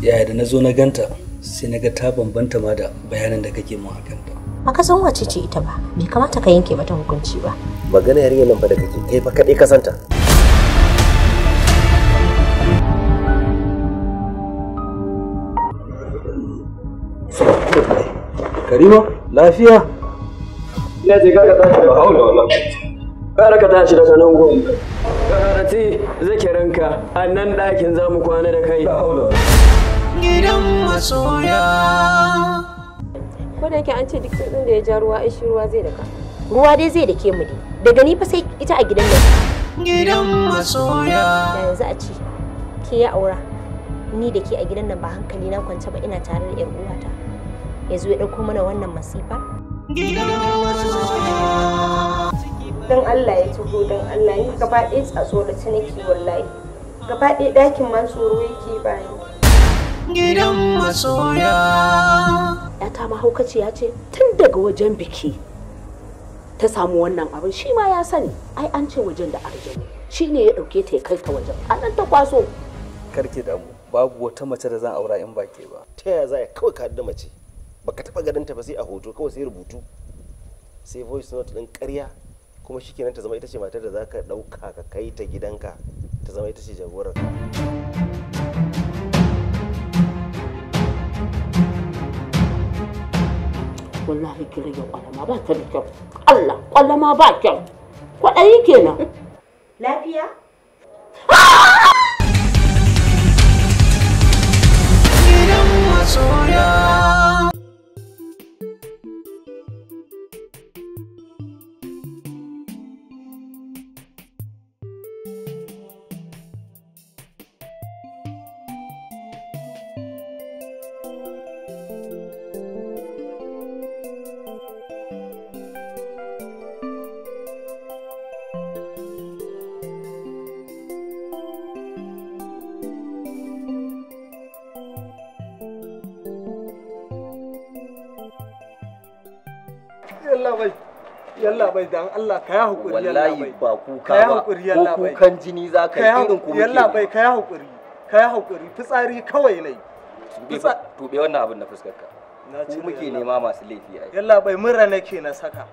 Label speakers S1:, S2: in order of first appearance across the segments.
S1: yaya da na zo na ganta sai na ga ta bambanta ma da bayanan da kake mun kanta.
S2: Ba baka san wace ce ita ba bai kamata ka yanke mata hukunci ba
S1: magana yarinya nan ba da kake kai fa kadai ka santa Karima, lafiya? Ina ce kaka tashi da haula wannan. Kara ka tashi daga nan gwam. Karati zikirinka, a nan ɗakin za mu kwana da kai. Gidan masoya. Ko da yake an ce duk tsirrin da ya ja ruwa, ishi ruwa zai daka. Ruwa dai zai dake mu dai. Daga ni fa sai ita a gidan nan. Gidan masoya. Yanzu a ce, ke ya aura. Ni da ke a gidan nan ba hankali na kwance ba ina tare da 'yan uwata. ya zo ya ɗauko mana wannan masifa? Don Allah ya tuho don Allah yi gaba ɗaya a da ta nake wallahi. Gaba ɗaya ɗakin man tsoro yake bani.
S2: Gidan masoya. Yata mahaukaci ya ce tun daga wajen biki ta samu wannan abin shi ma ya sani ai an
S1: ce wajen da arjani shi ne ya ɗauke ta ya kai ta wajen a nan ta kwaso. Karki damu babu wata mace da zan aura in ba ke ba. Ta yaya za a kawai ka da mace. baka taba ganin ta ba sai a hoto kawai sai rubutu sai voice note din ƙarya kuma shikenan ta zama ita ce matar da zaka dauka ka kai ta gidanka ta zama ita ce jagorar ka
S2: wallahi ki rage kwalama ba ta da kyau Allah kwalama ba kyau kwadayi kenan lafiya ah! Idan
S1: Allah bai yalla bai dan Allah ka ya hakuri yalla bai wallahi ba kuka ba ko kukan jini za ka yi irin kuma yalla bai ka ya hakuri ka ya hakuri fitsari kawai nai tube wannan abin na fuskar ka ku muke nema masu laifi ai yalla bai mura nake na saka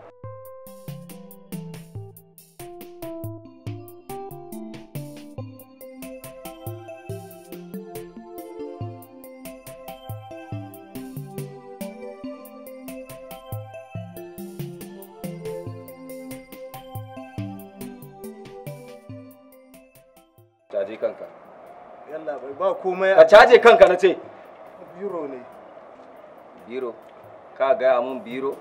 S1: caje kanka yalla bai ba komai ka caje kanka na ce biro ne biro ka gaya mun biro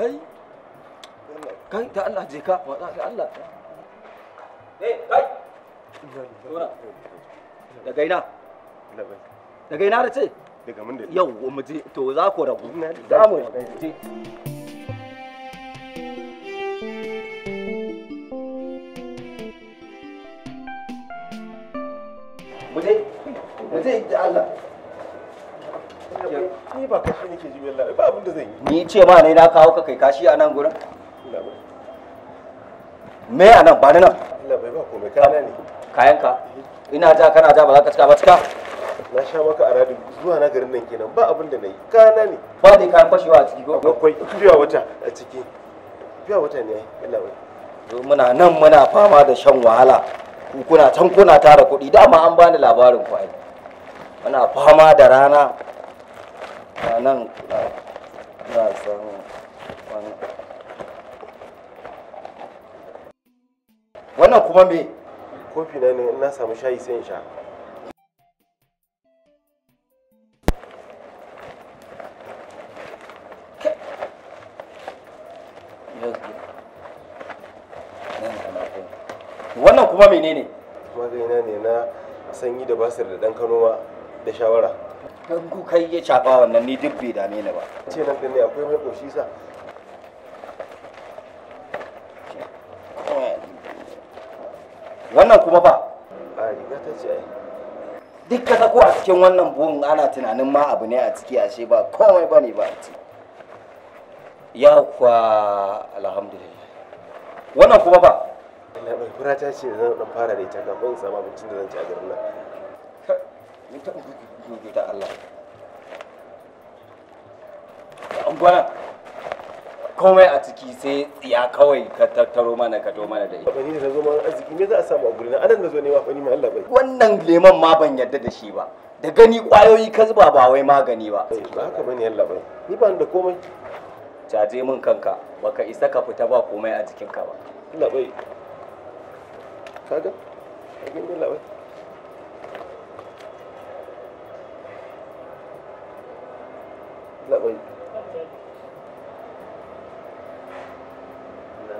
S1: kai kai ta Allah je ka wa ta Allah eh ka daga ina daga ina da ce daga mun da yau mu je to za ku rabu za mu je mu je mu je da Allah ni ba kashi nake ji wallahi ba abin da zan yi ni ce ma ne na kawo ka kai kashi a nan gurin me a nan ba ni nan Allah bai ba komai ne kayanka ina ja kana ja ba za ka cika ba cika na sha maka a radin zuwa na garin nan kenan ba abin da na yi kana ne ba ne kayan fashewa a ciki ko akwai biya wata a ciki biya wata ne Allah wai muna nan muna fama da shan wahala kuna can kuna tara kuɗi dama an bani labarin ku ai muna fama da rana a nan na san wannan kuma me kofi na ne na samu shayi sai in sha wannan kuma menene magana ne na sanyi da basir da dan kano ma da shawara dan kai ya caba wannan ni duk bai dame ni ba ce nan ne akwai mai koshi sa wannan kuma ba ba riga ta ce duk ka sako a cikin wannan buhun ana tunanin ma abu ne a ciki a ashe ba komai ba ne ba a ciki ya kuwa alhamdulillah wannan kuma ba labai kura ta ce zan dan fara da ita sa ba abincin da zan ci a garin nan ni ta ku ku ku ta Allah an gwana komai a ciki sai tsiya kawai ka tattaro mana ka to mana da ita. Bani da zo ma arziki me za a samu a gurin anan da zo ne ma fani ma Allah bai. Wannan leman ma ban yarda da shi ba. Da gani kwayoyi ka zuba ba wai magani ba. Eh, ba haka bane Allah bai. Ni ban da komai. Caje min kanka baka isa ka fita ba komai a cikin ka ba. Allah bai. Kaga? Kaga Allah bai. Allah bai.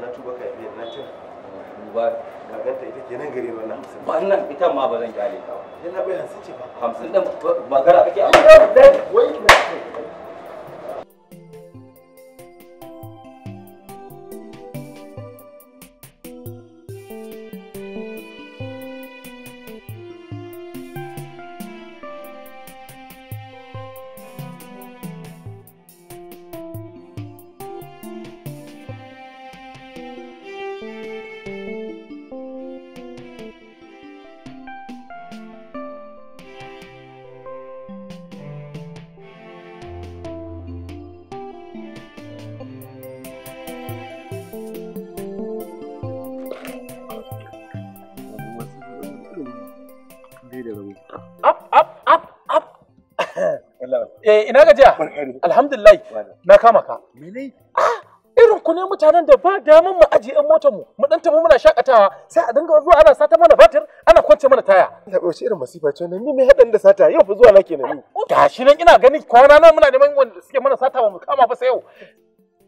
S1: na tuba ka iya na cin duba gaganta ita ke nan gare wannan hamsin wannan ita ma ba zan kyale ta ba yana bai hamsin ce ba hamsin din magana kake amma wai Eh ina gajiya? Alhamdulillah na kama ka. Mene? Ah, irin ku ne mutanen da ba daman mu aje yan motar mu mu dan tafi muna shakatawa sai a dinga zuwa ana sata mana batir ana kwance mana taya. Na bace irin masifa ce nan ni me hadan da sata yau fa zuwa nake nan. Ah, gashi nan ina gani kwana nan muna neman wanda suke mana sata ba mu kama ba sai yau.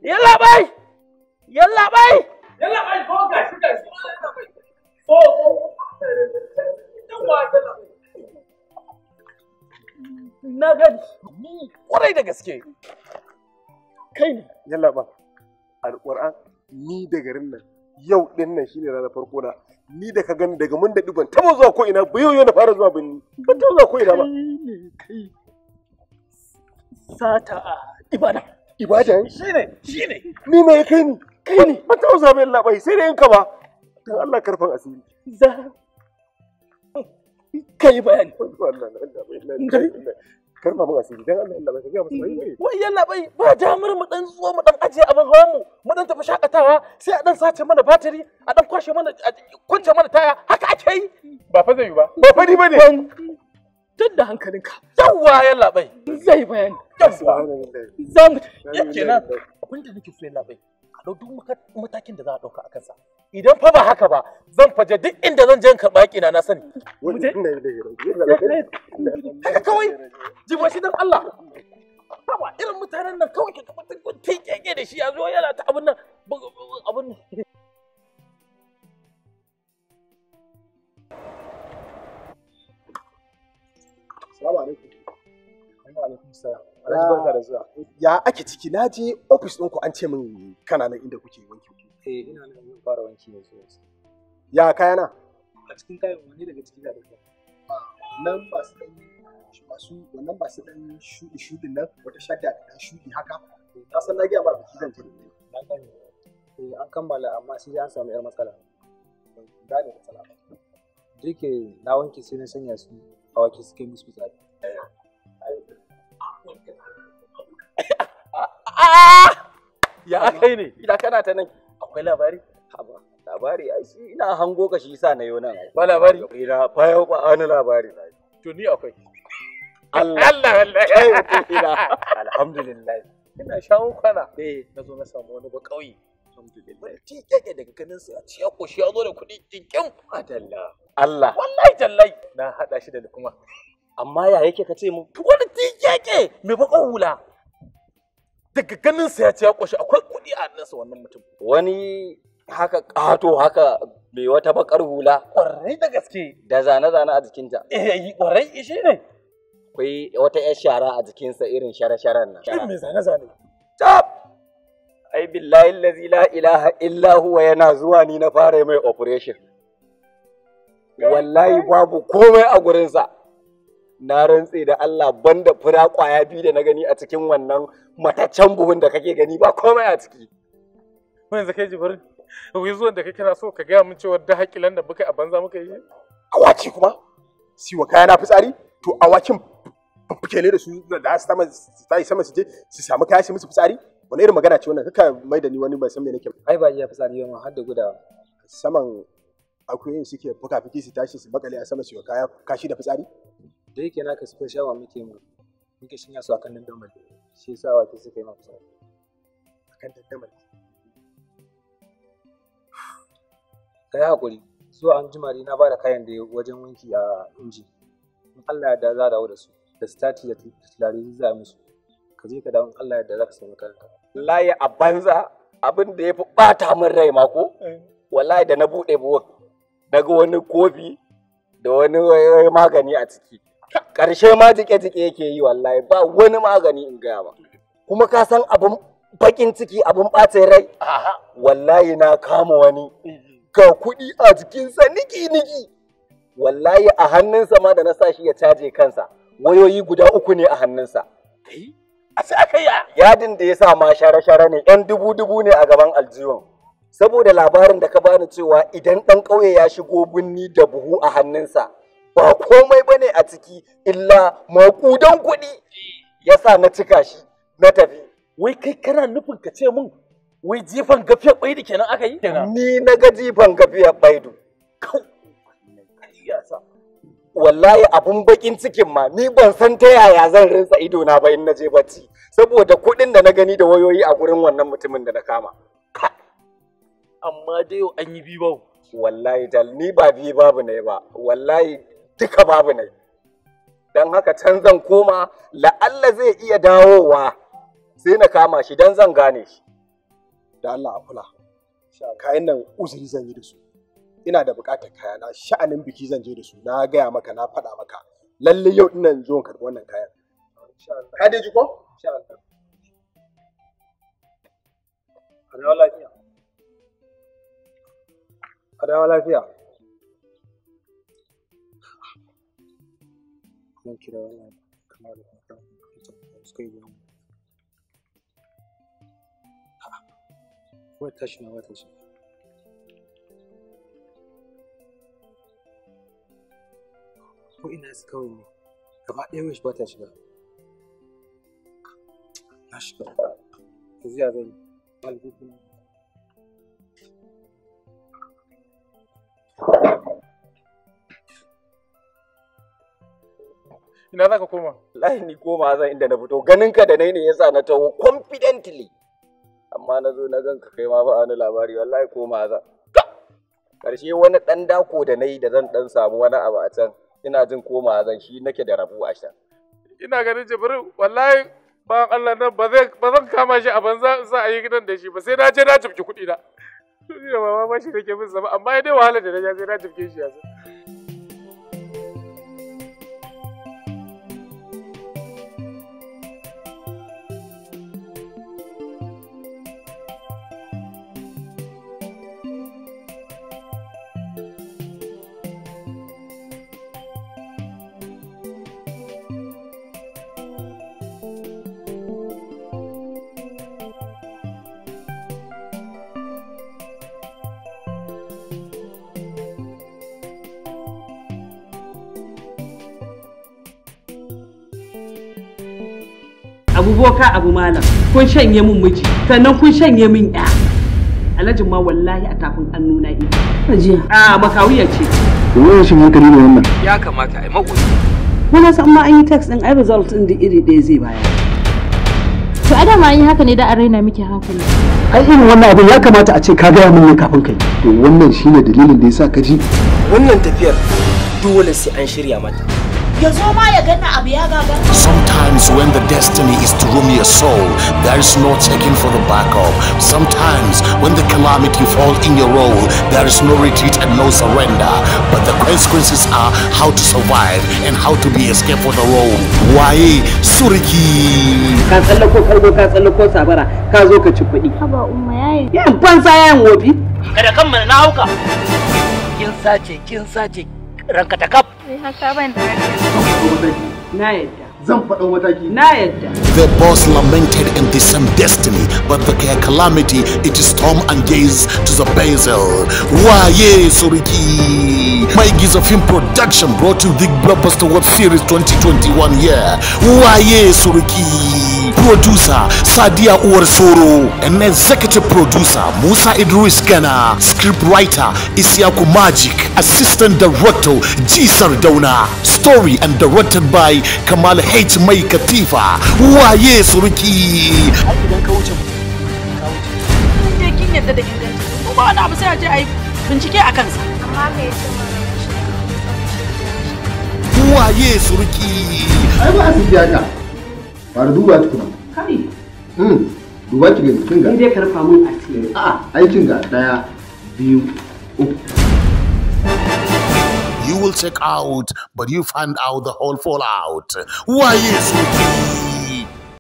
S1: Yalla bai! Yalla bai! Yalla bai ko gashi gashi.
S2: Oh, oh. Yalla
S1: bai. na gani ni kwarai da gaske kai ne yalla ba alquran ni da garin nan yau din nan shine ranar farko na ni da ka gani daga mun da ban taɓa zuwa ko ina ba yau yau na fara zuwa binni ban taɓa zuwa ko ina ba kai ne sata ibada ibada shine shine ni mai kai ni kai ne ban taɓa zuwa ba yallaɓa bai sai dai in ka ba dan Allah karfan asiri za Kai bayani kar ba Allah Allah bai ga bai wai yalla bai ba damar mu dan mu dan aje abin hawan mu mu dan tafi shakatawa sai a dan sace mana batiri a dan kwashe mana kunce mana taya haka ake yi ba fa zai yi ba ba fa ni bane tun da hankalinka yawwa yalla bai zai bayani Zan za mu kenan nake so yalla bai a duk matakin da za a ɗauka a kansa idan fa ba haka ba zan faje duk inda zan je in karɓa yaƙi na sani eh, eh, haka kawai jima shi don Allah ba irin mutanen nan kawai ka kafa ta keke da shi ya zo yana ta abin nan abin nan Assalamu alaikum. Wa alaikum salam. Ya ake ciki na je ofis ɗinku an ce min kana nan inda kuke wanki ku. Eh ina nan zan fara wanki ne so. Ya kaya na? A cikin kayan wani daga cikin da daga. Nan ba masu ɗan masu wannan ba su ɗan shuɗi shuɗin nan wata shadda da shuɗi haka. Na san na gaya ba biki zan je. Na gane. Eh an kammala amma sai an samu yar matsala. Gane matsala ba. Dike na wanki sai na sanya su a wake suke musu tsari. ya akai ne ina kana ta nan akwai labari haba labari ai shi ina hango ka shi sa na yo nan ba labari ina fa yau ba wani labari to ni akwai
S2: Allah Allah Allah
S1: alhamdulillah ina shawo kwana. eh na zo na samu wani ba kauye alhamdulillah ti kake daga kanin sa ci ya koshi ya zo da kuɗi dinkin adalla Allah wallahi tallahi na hada shi da kuma amma ya yake ka ce mu wani ti kake me ba hula daga ganin sa ya ce ya ƙoshi akwai kuɗi a hannunsa wannan mutum. Wani haka ƙato haka mai wata bakar hula. Ƙwarai da gaske. Da zane-zane a jikinta. Eh, ƙwarai ishe ne. Akwai wata 'yar shara a jikinsa irin shara-sharan nan. Shin mai zane-zane. Tab! Ai billahi lazi la ilaha illa huwa yana zuwa ni na fara mai operation.
S2: Wallahi
S1: babu komai a gurinsa. na rantse da Allah banda fura kwaya biyu da na gani a cikin wannan mataccen buhun da kake gani ba komai a ciki. Wani zakai bari wai zuwan da kake na so ka gaya min cewa da haƙilan da muka a banza muka yi. Awaki kuma? wa kaya na fitsari? To awakin ne da su da su tayi sama su je su samu kaya su musu fitsari? Wani irin magana ce wannan kaka mai da ni wani bai san me nake. Ai ba iya fitsari ba har da guda. Saman akuyoyin suke fuka fiki su tashi su bakale a sama su kaya kashi da fitsari? da yake naka suka shawa muke mu muke shinya su akan dandamali shi yasa wake suka yi ma kusa akan dandamali kai hakuri Su an jima na bada kayan da wajen wanki a inji in Allah ya da za dawo da su da stati da tilari za a musu ka je ka dawo in Allah ya da za ka samu kanka wallahi a banza abin da ya fi bata min rai ma ko eh. wallahi da na bude buwa daga wani kofi da wani magani a ciki Karshe ma jike-jike yake yi wallahi ba wani magani in gaya ba. Kuma ka san abin bakin ciki abin ɓacin rai? Wallahi na kama wani. Ga kuɗi a jikinsa niki-niki. Wallahi a hannunsa ma da na sa shi ya caje kansa. Wayoyi guda uku ne a hannunsa. Yadin da ya sa ma share-share ne, ‘yan dubu-dubu ne a gaban aljiwon. Saboda labarin da ka bani cewa idan ɗan ƙauye ya shigo binni da buhu a hannunsa, ba komai bane a ciki illa makudan kuɗi yasa na cika shi na tafi wai kai kana nufin ka ce mun wai jifan gafiyar baidu kenan aka yi ni na ga jifan gafiyar baidu wallahi abun bakin cikin ma ni ban san ta yaya zan rinsa ido na ba in na je bacci saboda kuɗin da na gani da wayoyi a gurin wannan mutumin da na kama amma dai an yi bibau wallahi dal ni ba bi babu ne ba wallahi duka babu na don haka can zan koma la'alla zai iya dawowa sai na kama shi don zan gane shi da Allah a kula kayan nan uzuri zan yi da su ina da bukatar kaya na sha'anin biki zan je da su na gaya maka na faɗa maka lalle yau ina zo in karɓi wannan kayan ka dai ji ko a dawo lafiya a lafiya zan kira wannan
S2: kama da hoton
S1: da suka yi yawon wata tashi na wata shi ko ina su kawai ne gaba ɗaya wish ba ta shiga Ya shiga yanzu Ina za ka koma? Lai ni koma zan inda na fito ganin ka da nai ne yasa na taho confidently. Amma na zo na gan ka kai ma ba wani labari wallahi koma zan. Karshe wani ɗan dako da nai da zan ɗan samu wani abu a can ina jin koma zan shi nake da rabu a can. Ina ganin Jibril wallahi ba Allah nan ba zan kama shi a banza za a yi gidan da shi ba sai na je na jibki kuɗi na. Ni da mama shi nake min zama amma ya dai wahala da na sai na jibke shi yanzu. abu boka abu malam kun shanye min miji sannan kun shanye min ya Alhaji ma wallahi a tafin an nuna ni ajiya a makawiya ce wannan shi hankali ne wannan ya kamata ai magoyi muna san ma an yi text din ai result din da iri ɗaya zai bayar to a dama an yi haka ne da an raina miki hankali
S2: ai irin wannan abin ya kamata a ce ka gaya min ne kafin kai to wannan shine dalilin da yasa ka ji wannan
S1: tafiyar dole sai an shirya mata
S2: ya zo ma ya ganna abu ya gaga sometimes when the destiny is to ruin your soul, there is no taking for the backup. Sometimes when the calamity falls in your role, there is no retreat and no surrender. But the consequences are how to survive and how to be escaped for the role. Why, suriki. Ka tsallako kargo sabara ka zo ka ci kuɗi. Haba umma yayi. Yan Kada kan
S1: na hauka. Kin sace kin sace ranka ta kaf. Ni haka ban da Na yadda. zan faɗo mataki. Na yadda.
S2: The boss lamented in the same destiny, but the calamity it is storm and gaze to the basil. Waye suriki. is a Film Production brought to you the blockbuster web series 2021 year. Waye Suruki. Producer Sadia Uwarsoro. and executive producer Musa Idris Gana. Script writer Isiaku Magic. Assistant director G Sardona. Story and directed by Kamal H. Mai Katifa. Waye Suruki.
S1: yadda da inganci kuma wani abu sai a je a yi bincike a kansa amma me ya ce
S2: waye surki ai ba su biya ba da duba tukuna kai Hmm. duba ki ga kinga dai karfa mun a ce a ai kinga daya biyu uku You will check out, but you find out the whole fallout.
S1: Why is
S2: it?